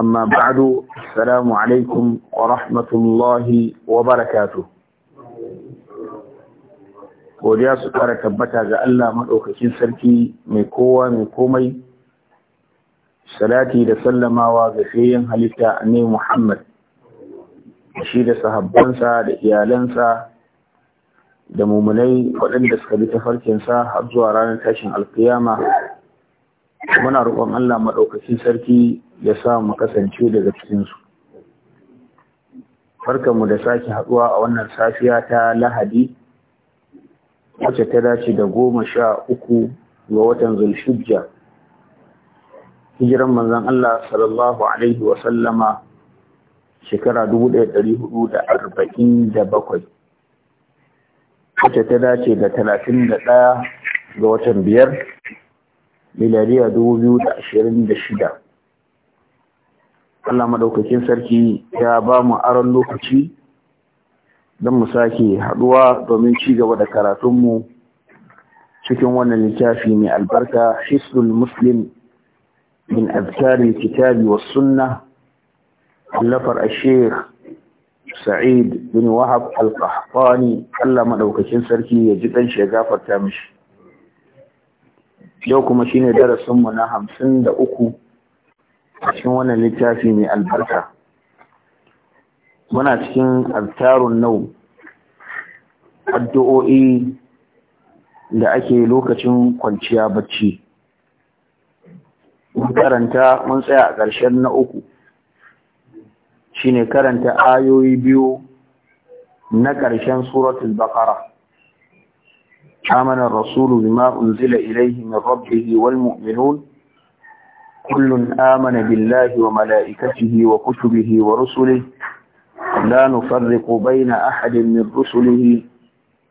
Amma ba'adu 'Salamu alaikum wa rahmatullahi wa barakatu.' godiya su kara tabbata ga Allah maɗaukakin sarki mai kowa mai komai salati da sallamawa ga sayan halitta ne Muhammad shi da sahabbansa da iyalansa da mumunai waɗanda suka bi sa har zuwa ranar tashin alkiyama muna roƙon Allah maɗaukakin sarki ya sa mu kasance daga cikinsu. mu da sake haɗuwa a wannan safiya ta Lahadi, wacce ta dace da goma sha uku ga watan Zulhijja. Hijiran manzon Allah sallallahu Alaihi wasallama shekara bakwai. wacce ta dace da talatin ɗaya ga watan biyar miliyariya dubu biyu da ashirin da shida Allah maɗaukakin sarki ya ba mu aron lokaci don mu sake haɗuwa domin ci gaba da karatunmu cikin wannan littafi mai albarka hisbul muslim min azkari kitabi wa sunna allafar ashir sa'id bin wahab al-qahtani Allah maɗaukakin sarki ya ji ɗan ya gafarta mishi yau kuma shine darasinmu na hamsin da uku a cikin wannan littafi mai albarka muna cikin altarun nau addu'o'i da ake lokacin kwanciya bacci mun karanta mun tsaya a ƙarshen na uku shine karanta ayoyi biyu na ƙarshen suratul baqara آمن الرسول بما أنزل إليه rabbihi wal muminun كل آمن بالله وملائكته وكتبه ورسله لا نفرق بين أحد من رسله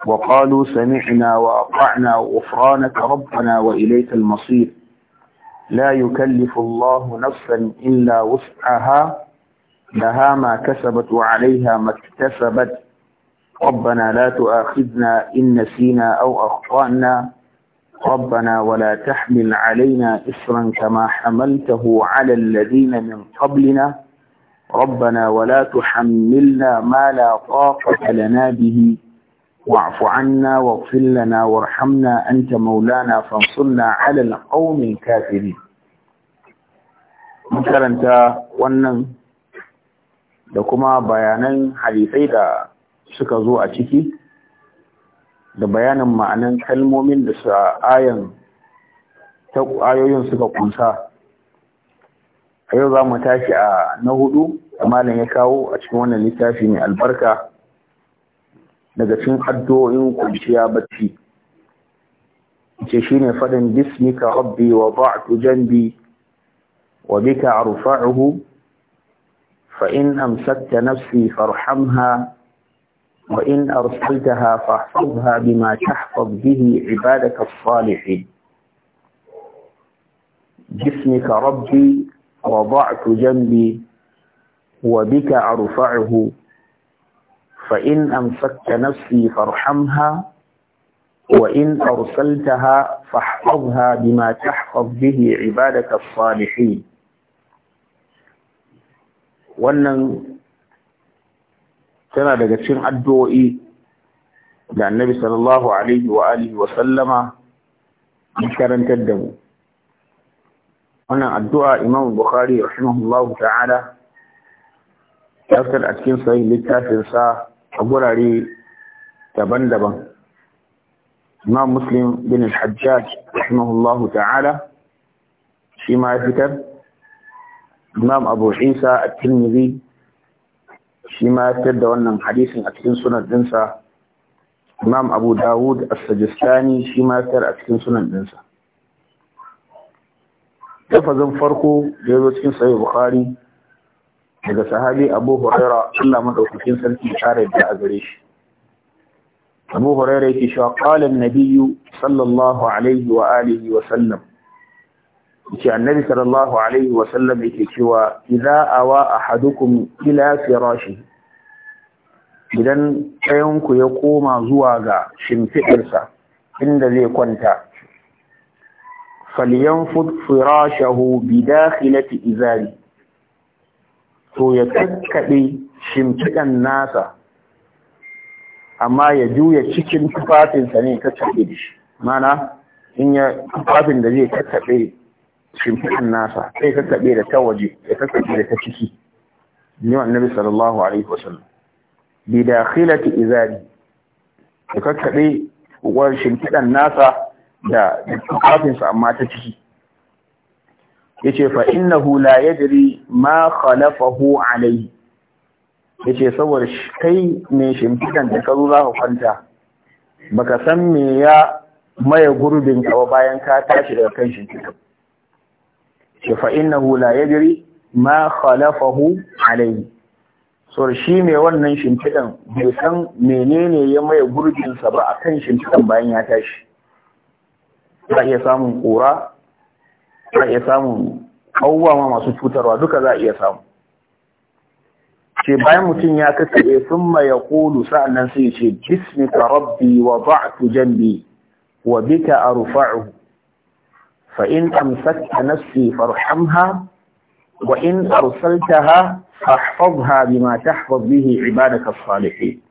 وقالوا سمعنا وأطعنا غفرانك ربنا وإليك المصير لا يكلف الله نفسا إلا وسعها لها ما كسبت وعليها ما اكتسبت ربنا لا تؤاخذنا إن نسينا أو أخطأنا ربنا ولا تحمل علينا إسرا كما حملته على الذين من قبلنا ربنا ولا تحملنا ما لا طاقة لنا به واعف عنا واغفر لنا وارحمنا أنت مولانا فانصرنا على القوم الكافرين makaranta wannan da kuma bayanan hadisai da suka zo a ciki da bayanin ma'anan kalmomin da su ayan ta ayoyin suka kunsa a yau za mu tashi a na hudu da malam ya kawo a cikin wannan littafi mai albarka daga cikin addu'o'in kwanciya bacci ce shine faɗin bismika rabbi wa ba'tu janbi wa bika arfa'uhu fa in amsakta nafsi farhamha وإن أرسلتها فاحفظها بما تحفظ به عبادك الصالحين جسمك ربي وضعت جنبي وبك أرفعه فإن أمسكت نفسي فارحمها وإن أرسلتها فاحفظها بما تحفظ به عبادك الصالحين وأن tana daga cikin addu'o'i da annabi sallallahu alaihi wa alihi wa sallama ya da mu wannan addu'a imam bukhari rahimahullahu ta'ala ya fitar a cikin sahih littafinsa a gurare daban-daban imam muslim bin al-hajjaj rahimahullahu ta'ala shi ma ya fitar imam abu isa at-tirmidhi shi ma ya fitar da wannan hadisin a cikin sunan dinsa imam abu dawud as-sajistani shi ma ya fiyar a cikin sunan dinsa tafazin farko da ya zo cikin sahih bukhari daga sahabi abu huraira Allah madaukakin sarki ya kare da a gare shi abu huraira yake cewa qala an-nabiyyu sallallahu alaihi wa alihi wa sallam ce annabi sallallahu alaihi wa sallam yake cewa idza awa ahadukum ila firashi idan ɗayan ku ya koma zuwa ga shimfiɗarsa inda zai kwanta falyanfud firashahu bi dakhilati izari to ya kakkaɓe shimfiɗan nasa amma ya juya cikin tufafinsa ne kakkaɓe da shi mana in ya tufafin da zai kakkaɓe shimfiɗan nasa sai ka kaɓe da ta waje ya ka kaɓe da ta ciki ni wa annabi sallallahu alaihi wa sallam bi dakhilati izari ya ka kaɓe war shimfiɗan nasa da sa amma ta ciki yace fa innahu la yadri ma khalafahu alaihi yace saboda kai ne shimfiɗan da ka zo za ka kwanta baka san me ya maye gurbin ka bayan ka tashi daga kan shimfiɗan ce fa innahu ya jiri ma khalafahu alayhi so shi mai wannan shimfiɗan? bai san menene ya maye gurbin ba a kan shimfidan bayan ya tashi za iya samun kura za iya samun abubuwa masu cutarwa duka za iya samu ce bayan mutum ya kakkaɓe sun ya ƙulu nan sai ce bismika rabbi wa ba'tu jambi wa bika rufa'u?" فإن أمسكت نفسي فارحمها وإن أرسلتها فاحفظها بما تحفظ به عبادك الصالحين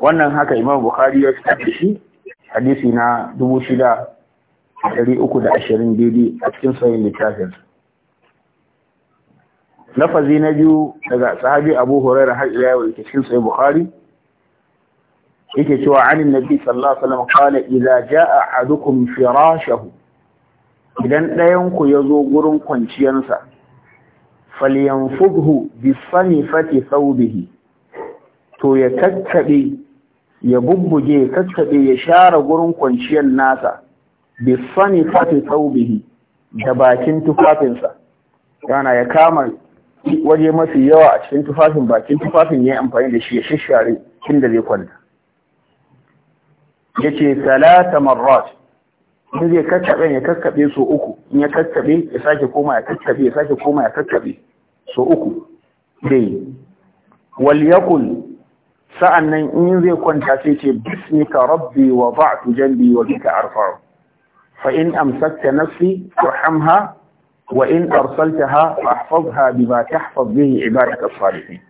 wannan haka imam bukhari ya fitar da shi hadisi na 6320 daidai a cikin sayin littafin lafazi na biyu daga sahabi abu hurairah har ila yau cikin sahih bukhari yake cewa an nabi sallallahu alaihi wasallam qala idza jaa ahadukum firashahu idan dayan ku yazo gurin kwanciyansa falyanfudhu bi sanifati thawbihi to ya kakkabe ya bubbuge kakkabe ya share gurin kwanciyan nasa bi sanifati thawbihi da bakin tufafinsa yana ya kama waje mafi yawa a cikin tufafin bakin tufafin ya amfani da shi ya shishare inda zai kwanta ya ce talata marrat in zai kakkaɓe ya kakkaɓe so uku in ya kakkaɓe ya sake koma ya kakkaɓe ya sake koma ya kakkaɓe so uku dai wal yakul sa'an nan in zai kwanta sai ce bismika rabbi wa ba'tu jambi wa bika arfa'u fa in amsakta nafsi warhamha wa in arsaltaha fahfazha bima tahfaz bihi ibadaka salihin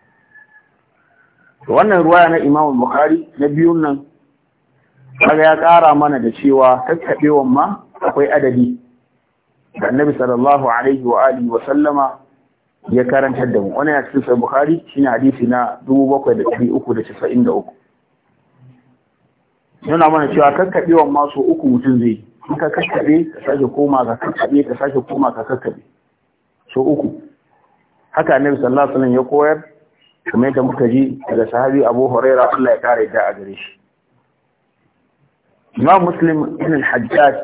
wannan ruwaya na Imam Bukhari na biyun nan kaga ya kara mana da cewa kakkaɓewan ma akwai adadi da annabi sallallahu alaihi wa alihi wa sallama ya karantar da mu wannan ya cikin sahih bukhari shine hadisi na 7393 yana mana cewa kakkaɓewan ma so uku mutum zai in ka kakkaɓe ka sake koma ka kakkaɓe ka sake koma ka kakkaɓe so uku haka annabi sallallahu alaihi wa sallam ya koyar kamar yadda muka ji daga sahabi Abu Hurairah Allah ya kare da a gare shi imam muslim ibn al-hajjaj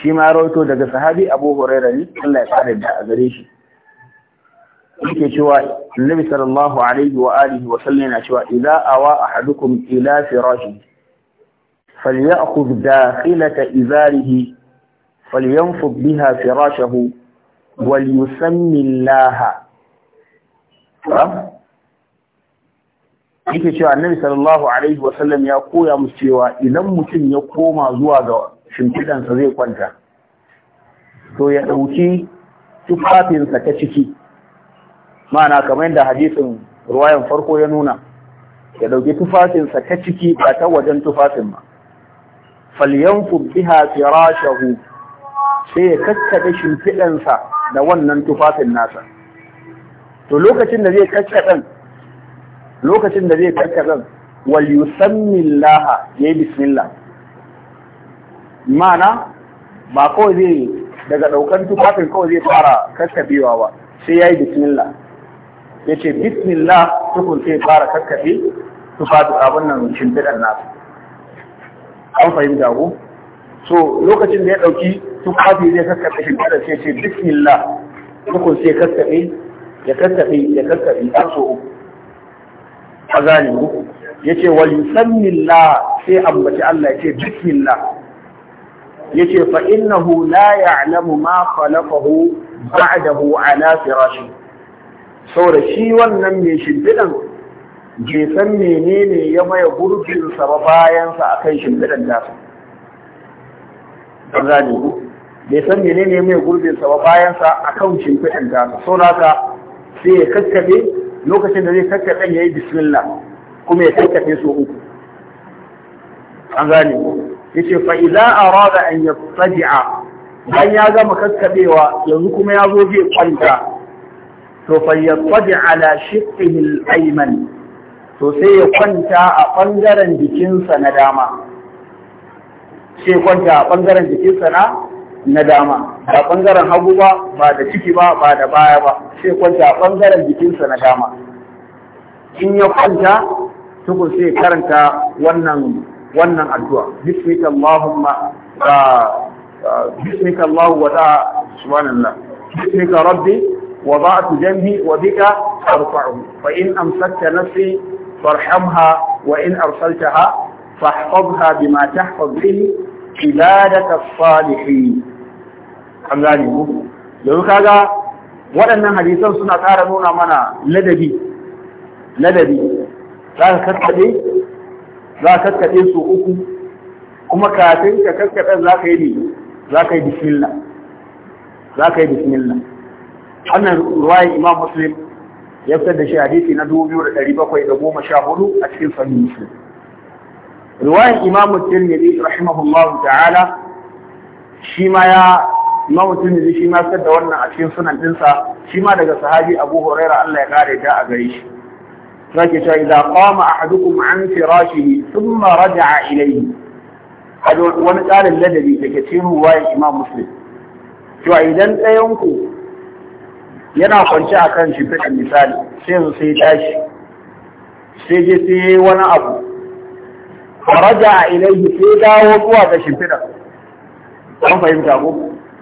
shi ma rawaito daga sahabi abu huraira ne Allah ya fara da a gare shi yake cewa annabi sallallahu alaihi wa alihi wa sallam yana cewa idza awa ahadukum ila firashi فليأخذ داخلة إزاره فلينفض بها فراشه وليسمي الله yake cewa annabi sallallahu alaihi wa sallam ya koya musu cewa idan mutum ya koma zuwa ga sa zai kwanta to ya ɗauki tufafinsa ta ciki ma'ana kamar yadda hadisin ruwayan farko ya nuna ya ɗauki tufafinsa ta ciki ba ta wajen tufafin ba falyanfu biha firashahu sai ya kakkaɗe shimfiɗansa da wannan tufafin nasa to lokacin da zai kakkaɗen lokacin da zai karkazan wal ya yi bismillah mana ba kawai zai daga daukan tufafin kawai zai fara kakkabewa ba sai ya yi bismillah ce bismillah tukun sai fara kakkabe tufafin abin nan shimfiɗar nasu an fahimta ko so lokacin da ya ɗauki tufafi zai kakkaɓe shimfiɗar sai ce bismillah tukun sai kakkaɓe ya kakkaɓe ya kakkaɓe an so uku a zalimu ya ce wa yusammillah sai ambaci Allah ya ce bismillah ya fa innahu la ya'lamu ma khalaqahu ba'dahu ala firashi saboda shi wannan mai shimfiɗan bai san menene ya maye gurbinsa ba bayansa akan shimfiɗan tasa an gane ku bai san menene mai gurbinsa ba bayansa kan shimfiɗan tasa saboda haka sai ya kakkabe lokacin da zai kakkaɗen ya yi bismillah kuma ya kakkaɗe so uku an gane ya ce fa'iza a rada an ya faji'a bayan ya gama kakkaɗewa yanzu kuma ya zo zai kwanta to fayyattaji ala shiqqihi al-ayman to sai ya kwanta a ɓangaren jikinsa na dama sai kwanta a ɓangaren jikinsa na dama A ɓangaren hagu ba ba da ciki ba ba da baya ba sai kwanta a bangaren jikinsa na dama in ya kwanta tukun sai karanta wannan wannan addu'a bismika allahumma ah, ah, bismika allah wa ta subhanallah bismika rabbi وضعت جنبي وبك أرفعه فإن أمسكت نفسي فارحمها arsaltaha أرسلتها فاحفظها بما تحفظ da عبادك الصالحين an gane mu yanzu kaga waɗannan hadisan suna ƙara nuna mana ladabi ladabi za ka kaskaɗe za ka kaskaɗe su uku kuma kafin ka kaskaɗen za ka yi ne za ka yi bismillah za ka yi bismillah wannan ruwayin imam muslim ya fitar da shi hadisi na dubu biyu da ɗari bakwai da goma sha hudu a cikin sahih muslim ruwayin imam tirmidhi rahimahullahu ta'ala shi ma ya mutum tirmidhi shi ma da wannan a cikin sunan dinsa shi ma daga sahabi abu huraira Allah ya kare da a gare shi zaki cewa idza qama ahadukum an firashihi thumma raja'a ilayhi wani tsarin ladabi da ke cikin ruwayan imam muslim cewa idan ɗayan ku yana kwance a kan shimfiɗar misali sai yanzu sai tashi sai je sai wani abu faraja a ilaihi sai dawo zuwa ga shimfiɗar an fahimta ko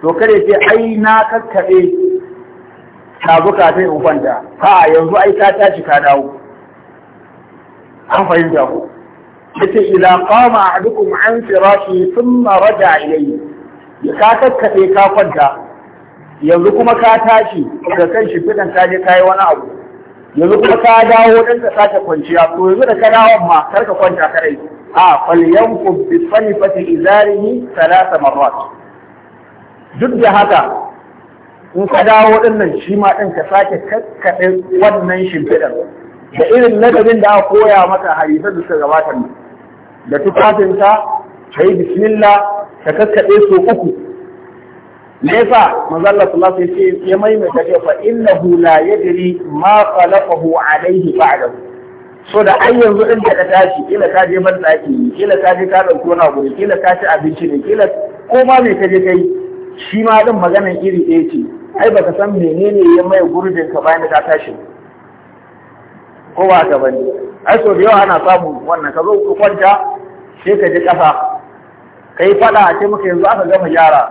to kare ce ai na kakkaɓe tabuka sai in kwanta fa yanzu ai ka tashi ka dawo an fahimta ku yace ila qama ahadukum an firashi thumma raja ilayhi ya ka kakkaɓe ka kwanta yanzu kuma ka tashi daga kan shi fitan ka je kai wani abu yanzu kuma ka dawo dan ka sake kwanciya to yanzu da ka dawo ma kar ka kwanta kare a falyanqu bi sanifati izarihi thalatha marrat duk da haka in ka dawo waɗannan shi ma ɗin ka sake kakkaɗe wannan shimfiɗar da irin ladabin da aka koya maka hadisan da suka gabatar da tufafinka ka yi bismillah ka kakkaɗe so uku me yasa manzo Allah ce ya maimaita ce fa hula ya diri ma khalaqahu alaihi ba'dahu so da ai yanzu ɗin da ka tashi kila ka je ban tsaki kila ka je ka dauki wani abu kila ka ci abinci ne kila ko ma me ka je kai shi ma din maganan iri ɗaya ce ai baka san menene ya mai gurbin ka bayan ka tashi ko ba ka bane ai so da yawa ana samu wannan ka zo ka kwanta sai ka ji Ka kai fada a ce maka yanzu aka gama gyara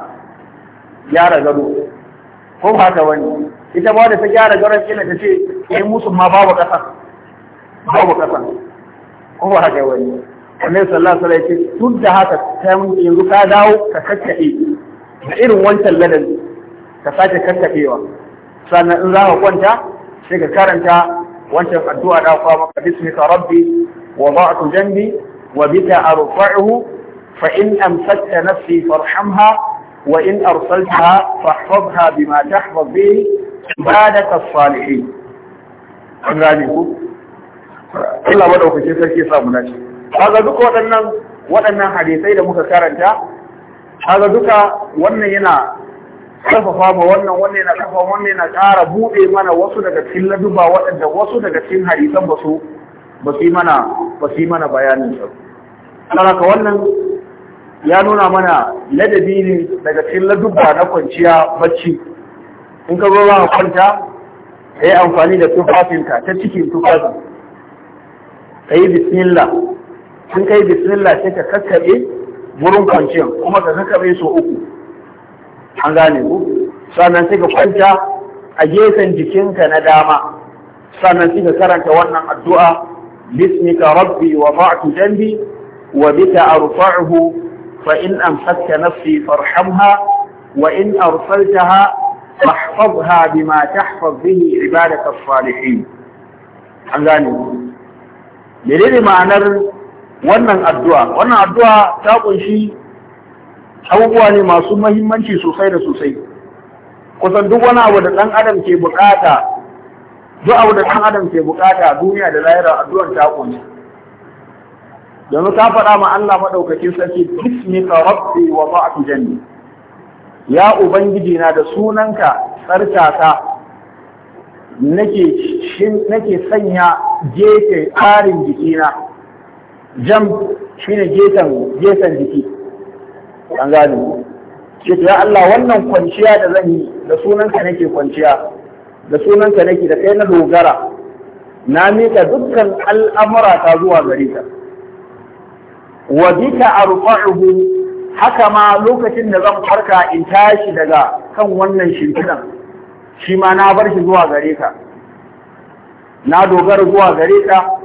gyara gado ko ba ka bane ita ba da ta gyara gado, kila ta ce kai musu ma babu kasa babu kasa ko ba ka bane Annabi sallallahu alaihi wasallam ce tun da haka ta yanzu ka dawo ka kakkaɗe da irin wancan ladabi ka sake kakkaɓewa sannan in za ka kwanta sai ka karanta wancan addu'a da kuwa maka bismika rabbi wa ba'atu jambi wa bika arfa'uhu fa in amsakta nafsi farhamha wa in arsaltaha fahfazha bima tahfaz bihi ibadaka as-salihin an gane ku Allah madaukakin sarki ya samu dace kaga duka waɗannan waɗannan hadisai da muka karanta kaga duka wannan yana karfafa ma wannan wannan yana karfafa wannan yana ƙara buɗe mana wasu daga cikin laduba waɗanda wasu daga cikin hadisan ba su ba su yi mana ba su yi mana bayanin su saboda wannan ya nuna mana ladabi ne daga cikin laduba na kwanciya bacci in ka zo za ka kwanta ka yi amfani da tufafinka ta cikin tufafin ka yi bismillah in ka yi bismillah sai ka kakkaɓe wurin kwanciyar kuma ka kakkaɓe so uku an gane ku sannan sai ka kwanta a gefen jikinka na dama sannan sai ka karanta wannan addu'a bismika rabbi wa ba'tu dambi wa bika arfa'uhu fa in an amsakta nafsi farhamha wa in arsaltaha mahfazha bima tahfaz bihi ibadaka as-salihin an gane ku menene ma'anar wannan addu'a wannan addu'a ta ƙunshi abubuwa ne masu mahimmanci sosai da sosai kusan duk wani abu da ɗan adam ke bukata duk abu da ɗan adam ke bukata duniya da lahira addu'ar ta ƙunshi. yanzu ta faɗa ma Allah maɗaukakin sarki ka rabbi wa ba'tu janni ya ubangiji na da sunanka tsarkaka nake sanya gefe ƙarin jikina jam shine ne gefen jiki an gani ce ya Allah wannan kwanciya da zan yi da sunanka nake kwanciya da sunanka nake da kai na dogara na mika dukkan al'amura ta zuwa gare ka wa bika arfa'uhu haka ma lokacin da zan farka in tashi daga kan wannan shimfidan shi ma na bar shi zuwa gare ka na dogara zuwa gare ka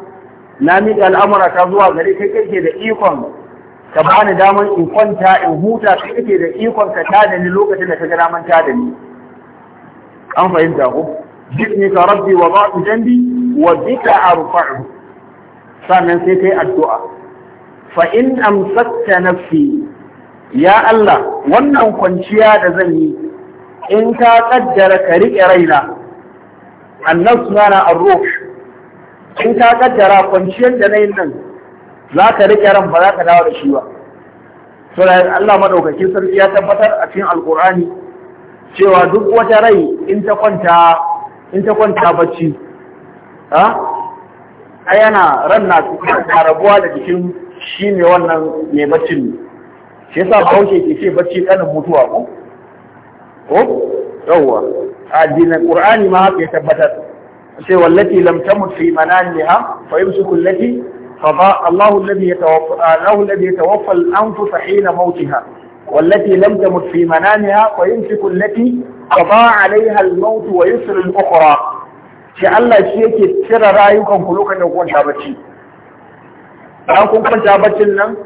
na miƙa al'amura ka zuwa gare kai kake da ikon ka bani daman in kwanta in huta kai kake da ikon ka tada ni lokacin da ka ga daman tada ni an fahimta ko jibni ka rabbi wa ba ba'u jambi wa bika arfa'u sannan sai kai addu'a fa in amsakta nafsi ya Allah wannan kwanciya da zan yi in ka kaddara ka riƙe raina annas mana ar-ruh in ka kaddara kwanciyar da na yin nan za ka riƙe ran ba za ka dawo da shi ba to da Allah madaukakin sarki ya tabbatar a cikin alqur'ani cewa duk wata rai in ta kwanta in ta kwanta bacci ha ai yana ran na rabuwa da jikin shi ne wannan mai baccin ne shi yasa wuce ke ce bacci kanin mutuwa ko ko yawwa addinin qur'ani ma haka ya tabbatar ce wallati lam tamut ne ha, fa yumsiku allati qada Allahu alladhi yatawaffa Allahu alladhi yatawaffa al-anfus ha, mawtiha والتي لم تمت في منامها ويمسك التي قضى عليها الموت ويسر الأخرى shi Allah shi yake cire rayukan ku lokacin da kwanta bacci dan kun kwanta baccin nan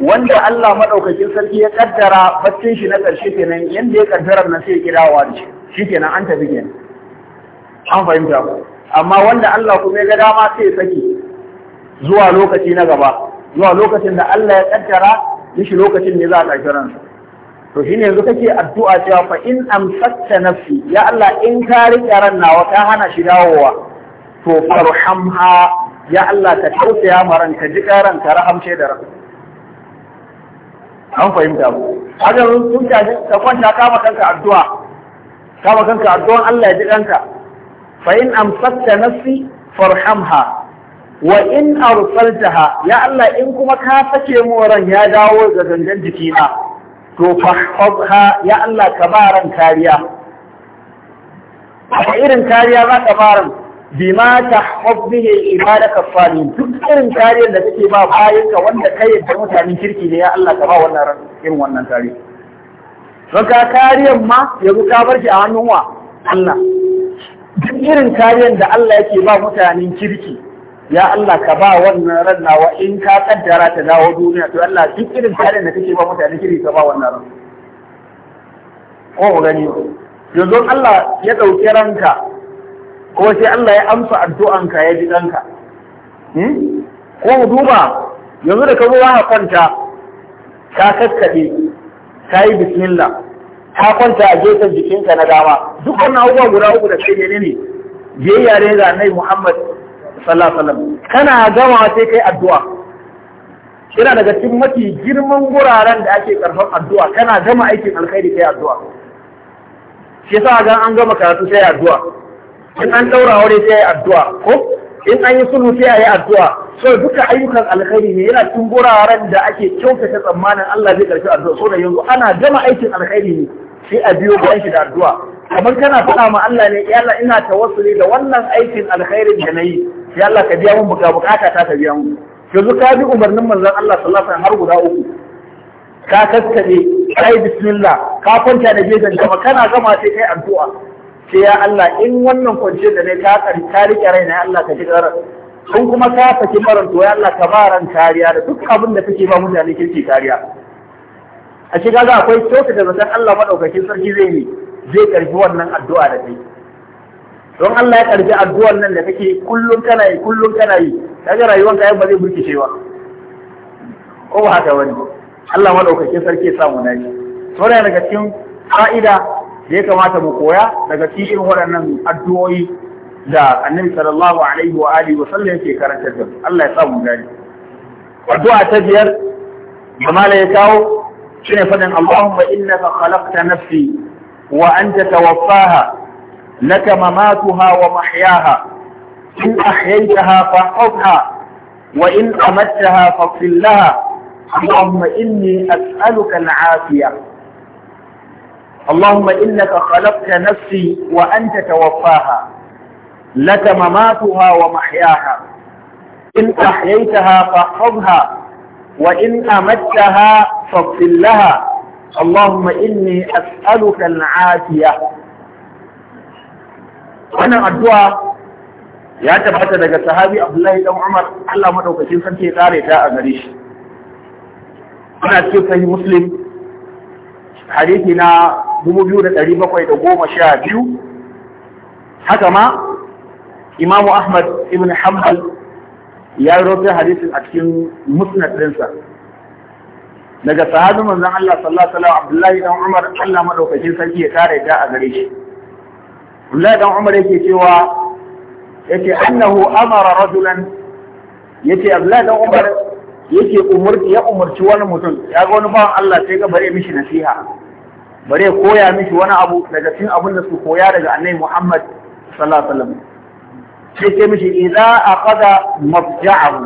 wanda Allah maɗaukakin sarki ya kaddara baccin shi na karshe kenan yanda ya kaddara nan sai ya kirawa da shi shikenan an tafi kenan an fahimta ku amma wanda Allah kuma ya ga dama sai ya saki zuwa lokaci na gaba zuwa lokacin da Allah ya kaddara mishi lokacin ne za a tafi ransa to shine yanzu kake addu'a cewa fa in amsakta nafsi ya Allah in ka rike ran nawa ka hana shi dawowa to farhamha ya Allah ka tausaya ma ka ji karan ka rahamce da ranka an fahimta mu haka sun tashi ka kwanta kama kanka addu'a kama kanka addu'an Allah ya ji kanka fa in amsakta nafsi farhamha wa in arsaltaha ya Allah in kuma ka sake mu ya dawo ga gangan jikina to fahfazha ya Allah ka ba ran kariya a irin kariya za ka ba ran bima tahfaz bihi ibadaka salih duk irin kariyar da kake ba bayan ka wanda kai yadda mutanen kirki ne ya Allah ka ba wannan ran irin wannan kariya don ka kariyar ma yanzu ka bar shi a hannun wa Allah duk irin kariyar da Allah yake ba mutanen kirki ya Allah ka ba wannan ran nawa in ka kaddara ta dawo duniya to Allah duk irin kariyar da kake ba mutanen kirki ka ba wannan ran ko gani yanzu Allah ya dauki ranka ko sai Allah ya amsa addu'anka ya ji ranka hmm? ko duba yanzu da ka zo ka kwanta ka kaskade ka yi bismillah ka kwanta a gefen jikinka na dama duk wannan abubuwa guda uku da kai ne biyayya ne ga nai Muhammad sallallahu alaihi wasallam kana gama sai kai addu'a yana daga cikin mafi girman guraren da ake karfan addu'a kana gama aikin alkhairi kai addu'a shi yasa ga an gama karatu sai addu'a in an daura aure sai addu'a ko in an yi sulhu sai ayi addu'a so duka ayyukan alkhairi ne yana cikin guraren da ake kyautata tsammanin Allah zai karfi addu'a so da yanzu ana gama aikin alkhairi ne sai a biyo bayan shi da addu'a kamar kana faɗa ma Allah ne ya Allah ina tawassuli da wannan aikin alkhairin da nayi sai Allah ka biya mun buka bukata ta ka biya mun yanzu ka bi umarnin manzon Allah sallallahu alaihi har guda uku ka kaskade kai bismillah ka kwanta da gefen gaba kana gama sai kai addu'a sai ya Allah in wannan kwanciyar da ne ka karka rike raina Allah ka ji kun kuma ka saki maran to ya Allah ka kariya da duk abin da kake ba mutane kirki kariya a Shiga ga akwai kyauta da zaton Allah madaukakin sarki zai yi zai karfi wannan addu'a da kai don Allah ya karfi addu'an nan da kake kullum kana yi kullum kana yi kaga rayuwar ka ba zai burkice ba ko ba haka wani Allah madaukakin sarki ya samu nashi saboda daga cikin fa'ida da ya kamata mu koya daga cikin waɗannan addu'o'i da annabi sallallahu alaihi wa alihi wa sallam yake karantar da Allah ya sa mu gani addu'a ta biyar da mala ya kawo shine fadin Allahumma innaka khalaqta nafsi wa anta tawaffaha laka mamatuha wa mahyaha in ahyaytaha fahfazha wa in amattaha faghfir laha اللهم إني أسألك العافية اللهم إنك خلقت نفسي وأنت توفاها لك مماتها ومحياها إن أحييتها فاحفظها وإن أمتها فاغفر لها اللهم إني أسألك العافية wannan addu'a ya tabbata daga sahabi Abdullahi dan Umar Allah madaukakin sarki ya kare ta a gare shi ana cikin sahih da goma sha biyu haka ma imamu ahmad ibn hanbal ya rawaito hadisin a cikin musnad ɗinsa daga sahabin manzon Allah sallallahu alaihi wa Abdullahi dan Umar Allah madaukakin sarki ya kare da a gare shi Abdullahi dan Umar yake cewa yake annahu amara rajulan yake Abdullahi dan Umar yake umurci ya umurci wani mutum ya ga wani bawan Allah sai ga bare mishi nasiha bare koya mishi wani abu daga cikin abin da su koya daga Annabi Muhammad sallallahu alaihi wa sallam. sai ce mishi idza aqada mafja'ahu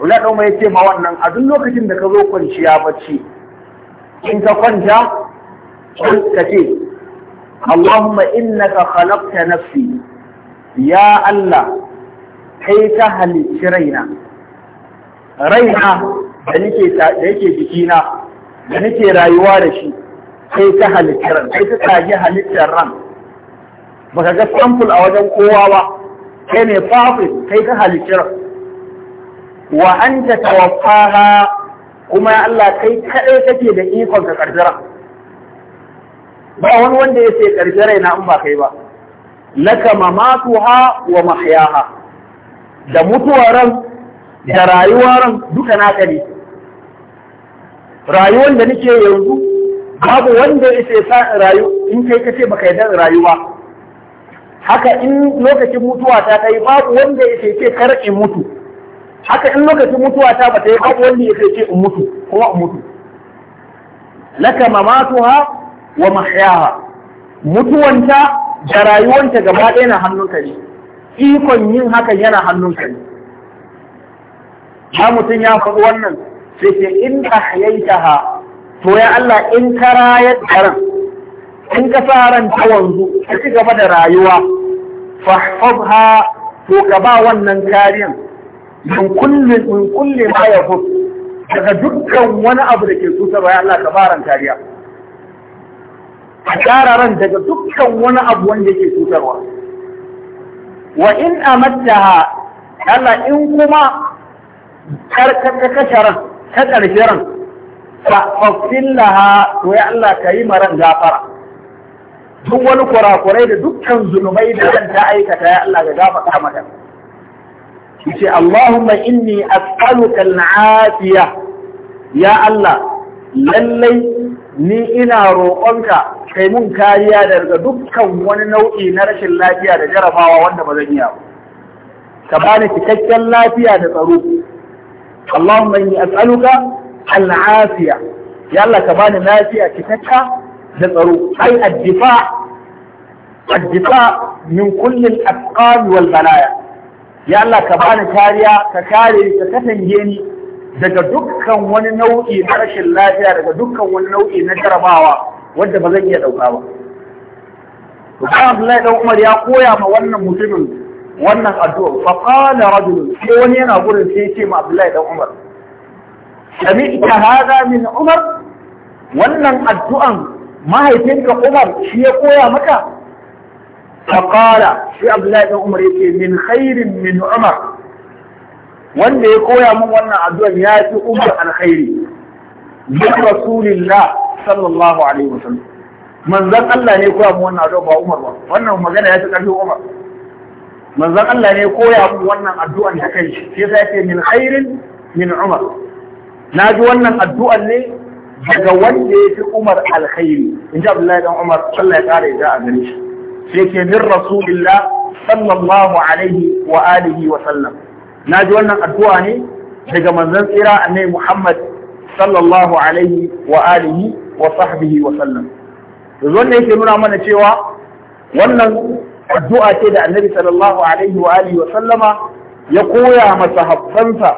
wala dan mai ce ma wannan a duk lokacin da ka zo kwanciya bacci in ka kwanta ka ce Allahumma innaka khalaqta nafsi ya Allah kai ka halicci raina raina da nake da yake jikina da nake rayuwa da shi kai ka halicci ran kai ka tsage halittar ran baka ga sample a wajen kowa ba kai mai fafi kai ka halicci wa an ta tawaffaha kuma ya Allah kai kaɗai kake da ikon ka ƙarfi ba wani wanda ya ce ƙarfi na ba kai ba laka mamatuha wa mahyaha da mutuwaran da rayuwaran duka naka ne rayuwar da nake yanzu babu wanda ya ce rayu in kai kace baka yarda rayuwa haka in lokacin mutuwa ta kai babu wanda ya ce kar in mutu haka in lokacin mutuwa ta ba ta yi babu wanda ya ce in mutu kuma in mutu laka mamatuha wa mahyaha mutuwanta da rayuwanta gaba ɗaya na hannunka ne ikon yin hakan yana hannunka ne ha mutum ya faɗi wannan sai ce in ha to ya Allah in ka rayar da ran in ka sa ran ta wanzu ka ci gaba da rayuwa fahfadha to ka ba wannan kariyan min kulli min kulli ma yahud daga dukkan wani abu da ke cutar ya Allah ka baran kariya a ran daga dukkan wani abu wanda yake cutarwa wa in amattaha Allah in kuma karkata kasharan ta ƙarshe ran fa fasillaha to ya Allah ka yi maran gafara duk wani kurakurai da dukkan zunubai da zan ta aikata ya Allah ga gafarta mata yace Allahumma inni as'aluka al-afiya ya Allah lallai ni ina roƙonka kai mun kariya daga dukkan wani nau'i na rashin lafiya da jarabawa wanda ba zan yi ba ka bani cikakken lafiya da tsaro Allahumma inni as'aluka al-afiya ya Allah ka bani lafiya cikakka da tsaro ai addifa addifa min kullin afqan wal balaya ya Allah ka bani kariya ka kare ka katange ni daga dukkan wani nau'i na rashin lafiya daga dukkan wani nau'i na jarabawa wanda ba zan iya dauka ba to ba Abdullahi dan Umar ya koya ma wannan mutumin wannan addu'a fa qala rajul sai wani yana gurin sai ya ce ma Abdullahi dan Umar sami'ta hada min Umar wannan addu'an mahaifinka Umar shi ya koya maka faqala shi Abdullahi dan Umar yake min khairin min Umar wanda ya koya min wannan addu'ar ya fi Umar alkhairi bi Rasulillah sallallahu alaihi wasallam manzon Allah ne koya min wannan addu'a ba Umar ba wannan magana ya ta karfi Umar manzon Allah ne koya min wannan addu'ar da kai shi sai ce min khairin min Umar na ji wannan addu'ar ne daga wanda ya fi Umar alkhairi in ji Abdullahi dan Umar Allah ya kare da a gani, shi sai ke min rasulillah sallallahu alaihi wa alihi wa sallam na ji wannan addu'a ne daga manzon tsira annabi Muhammad sallallahu alaihi wa alihi wa sahbihi wa sallam to wannan yake nuna mana cewa wannan addu'a ce da annabi sallallahu alaihi wa alihi wa sallama ya koya masa haffansa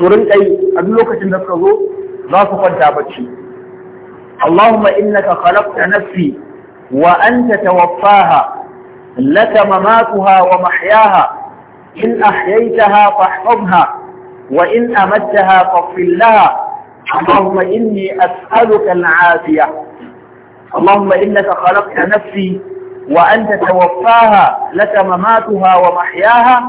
su rinƙa yi a duk lokacin da suka zo za su kwanta bacci اللهم إنك خلقت نفسي وأنت توفاها لك مماتها ومحياها إن أحييتها فاحفظها وإن أمتها فاغفر لها اللهم إني أسألك العافية اللهم إنك خلقت نفسي وأنت توفاها لك مماتها ومحياها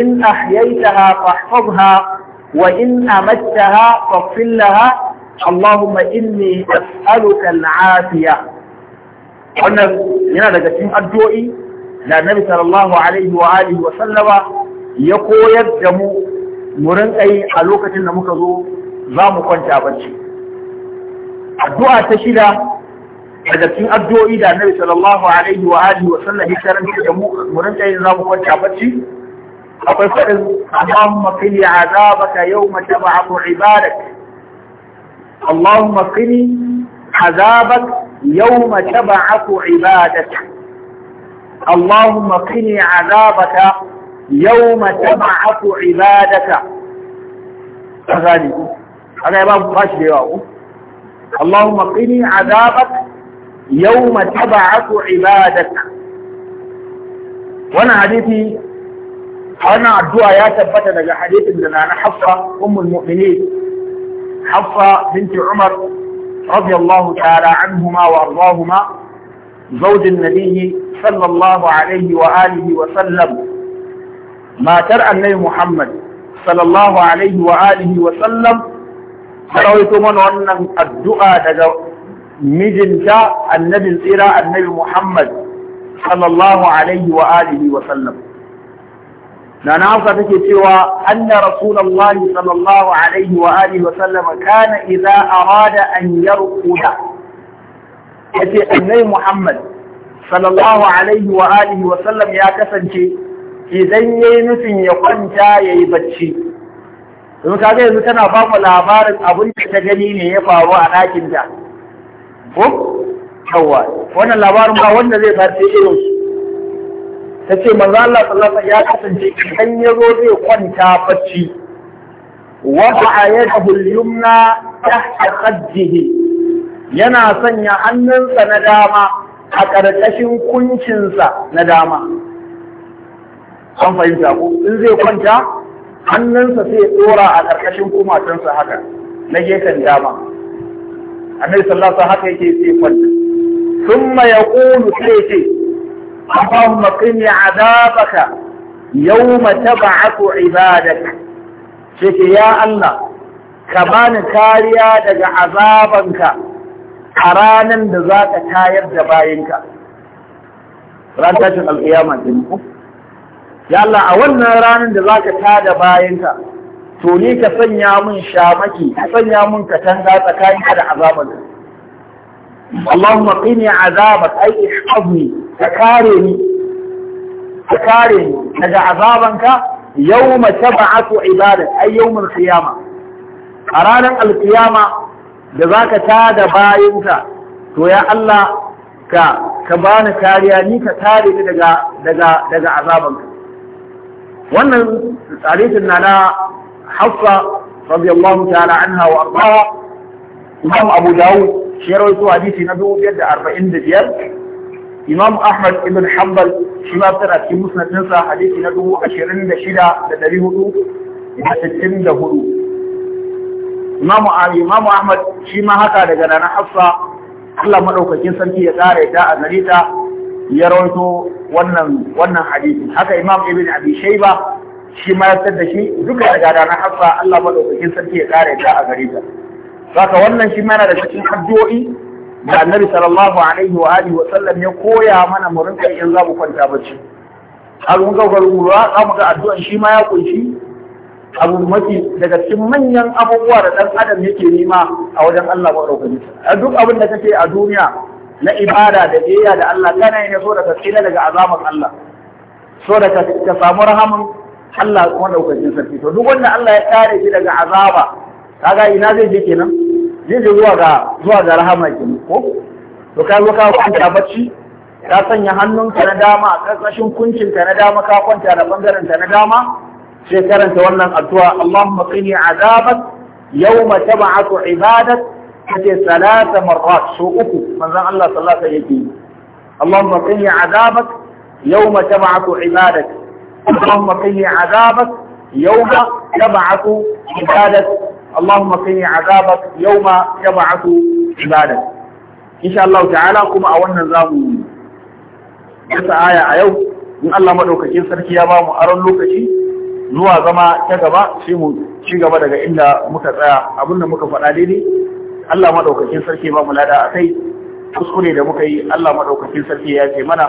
إن أحييتها فاحفظها وإن أمتها فاغفر لها اللهم إني أسألك العافية wannan yana daga cikin addu'o'i da Annabi sallallahu alaihi wa wa sallama ya koyar da mu mu rinka a lokacin da muka zo za mu kwanta bacci addu'a ta shida daga cikin addu'o'i da Annabi sallallahu alaihi wa wa sallam ya da mu za mu kwanta bacci akwai fadin Allahumma qili azabaka yawma tab'atu ibadak اللهم قني عذابك يوم تبعث عبادك اللهم قني عذابك يوم تبعث عبادك أغاني هذا يا باب باش اللهم قني عذابك يوم تبعث عبادك وانا حديثي وانا الدعاء يا ثبت لحديث حديث من انا ام المؤمنين حفصة بنت عمر رضي الله تعالى عنهما وأرضاهما زوج النبي صلى الله عليه وآله وسلم ما ترى النبي محمد صلى الله عليه وآله وسلم رويت من أن الدعاء جاء النبي الإراء النبي محمد صلى الله عليه وآله وسلم nana hausa take cewa anna rasulullahi sallallahu alaihi wa alihi wa sallam kana idza arada an yarquda yace annabi muhammad sallallahu alaihi wa alihi wa sallam ya kasance idan yayi nufin ya kwanta yayi bacci don kaga yanzu tana ba mu labarin abin da ta gani ne ya faru a ɗakin ta ko yawa wannan labarin ba wanda zai farce irin su ta ce manzo Allah sallallahu alaihi ya kasance idan ya zo zai kwanta bacci wa ba'a yadahu yumna tahta khadjihi yana sanya hannunsa na dama a ƙarƙashin kuncinsa na dama an fahimta ko in zai kwanta hannunsa sai dora a ƙarƙashin kumatunsa haka na gefen dama annabi sallallahu alaihi haka yake sai kwanta thumma yaqulu sai ce اللهم قني عذابك يوم تبعث عبادك شكي يا الله كمان كاريا دج عذابك أرانا دزاك تاير جباينك رانا تشغل القيامة جنكم ya Allah a wannan ranar da za ka tada bayanka to ne ka sanya mun shamaki ka sanya mun katanga tsakaninka da azabar ka kare ni ka kare ni daga azabanka yawma tab'atu ibadat ay yawmul qiyama a ranar alkiyama da zaka tada bayinka to ya Allah ka ka bani kariya ni ka kare ni daga daga daga azabanka wannan hadisin na na Hafsa radiyallahu ta'ala anha wa ardaha Imam Abu Dawud shi rawaito hadisi na biyar. imam ahmad ibn hanbal shi ma tana cikin musnadinsa hadisi na dubu ashirin da shida da ɗari hudu da sittin da hudu imamu ahmad shi ma haka daga ranar hafsa allah maɗaukakin sarki ya ƙara ta a gare ta ya rawaito wannan wannan hadisi haka imam ibn abi shayba shi ma ya da shi duka daga ranar hafsa allah maɗaukakin sarki ya ƙara ta a gare ta saka wannan shi ma yana da cikin addu'o'i da annabi sallallahu alaihi wa alihi wa sallam ya koya mana mu rinka in za mu kwanta bacci har mun ga ruwa za mu ga addu'an shi ma ya kunshi abu mafi daga cikin manyan abubuwa da dan adam yake nema a wajen Allah madaukakin a duk abin da kake a duniya na ibada da biyayya da Allah kana yin so da tsira daga azaban Allah so da ka samu rahaman Allah madaukakin sarki to duk wanda Allah ya kare shi daga azaba kaga ina zai je kenan zai zuwa ga zuwa ga rahama kenan ko to ka zo ka kwanta bacci ka sanya hannunka na dama a ƙarƙashin kuncinka na dama ka kwanta da bangaren na dama sai karanta wannan addu'a Allahumma qini azabak yawma tab'atu ibadak kace salata marrat su uku manzon Allah sallallahu alaihi yake Allahumma qini azabak yawma tab'atu ibadak Allahumma qini azabak yawma tab'atu ibadak اللهم قني عذابك يوم يبعث عبادك إن شاء الله تعالى كما أولنا زامو yasa aya a yau in Allah madaukakin sarki ya bamu aron lokaci zuwa zama ta gaba sai mu ci gaba daga inda muka tsaya abinda muka faɗa daidai Allah madaukakin sarki ba mu lada akai kuskure da muka yi Allah madaukakin sarki ya ce mana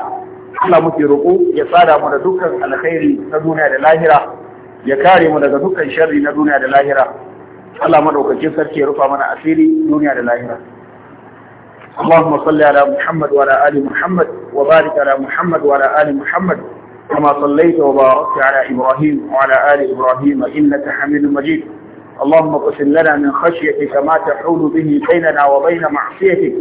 Allah muke roƙo ya tsada mu da dukkan alkhairi na duniya da lahira ya kare mu daga dukkan sharri na duniya da lahira Allah madaukakin sarki ya rufa mana asiri duniya da lahira اللهم صل على محمد وعلى آل محمد وبارك على محمد وعلى آل محمد كما صليت وباركت على إبراهيم وعلى آل إبراهيم إنك حميد مجيد اللهم اقسم لنا من خشيتك ما تحول به بيننا وبين معصيتك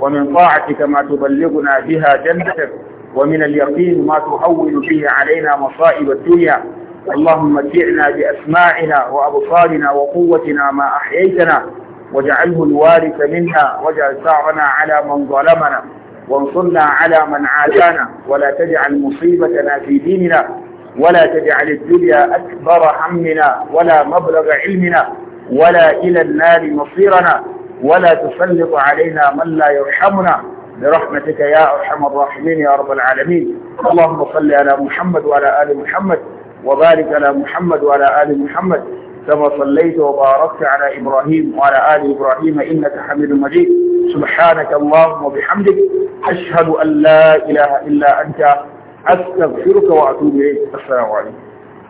ومن طاعتك ما تبلغنا بها جنتك ومن اليقين ما تهون به علينا مصائب الدنيا اللهم متعنا بأسماعنا وأبصارنا وقوتنا ما أحييتنا واجعله الوارث منا واجعل ثارنا على من ظلمنا وانصرنا على من عادانا ولا تجعل مصيبتنا في ديننا ولا تجعل الدنيا أكبر همنا ولا مبلغ علمنا ولا إلى النار مصيرنا ولا تسلط علينا من لا يرحمنا برحمتك يا أرحم الراحمين يا رب العالمين اللهم صل على محمد وعلى آل محمد وبارك على محمد وعلى آل محمد كما صليت وباركت على إبراهيم وعلى آل إبراهيم إنك حميد مجيد سبحانك اللهم وبحمدك أشهد أن لا إله إلا أنت أستغفرك وأتوب إليك السلام عليكم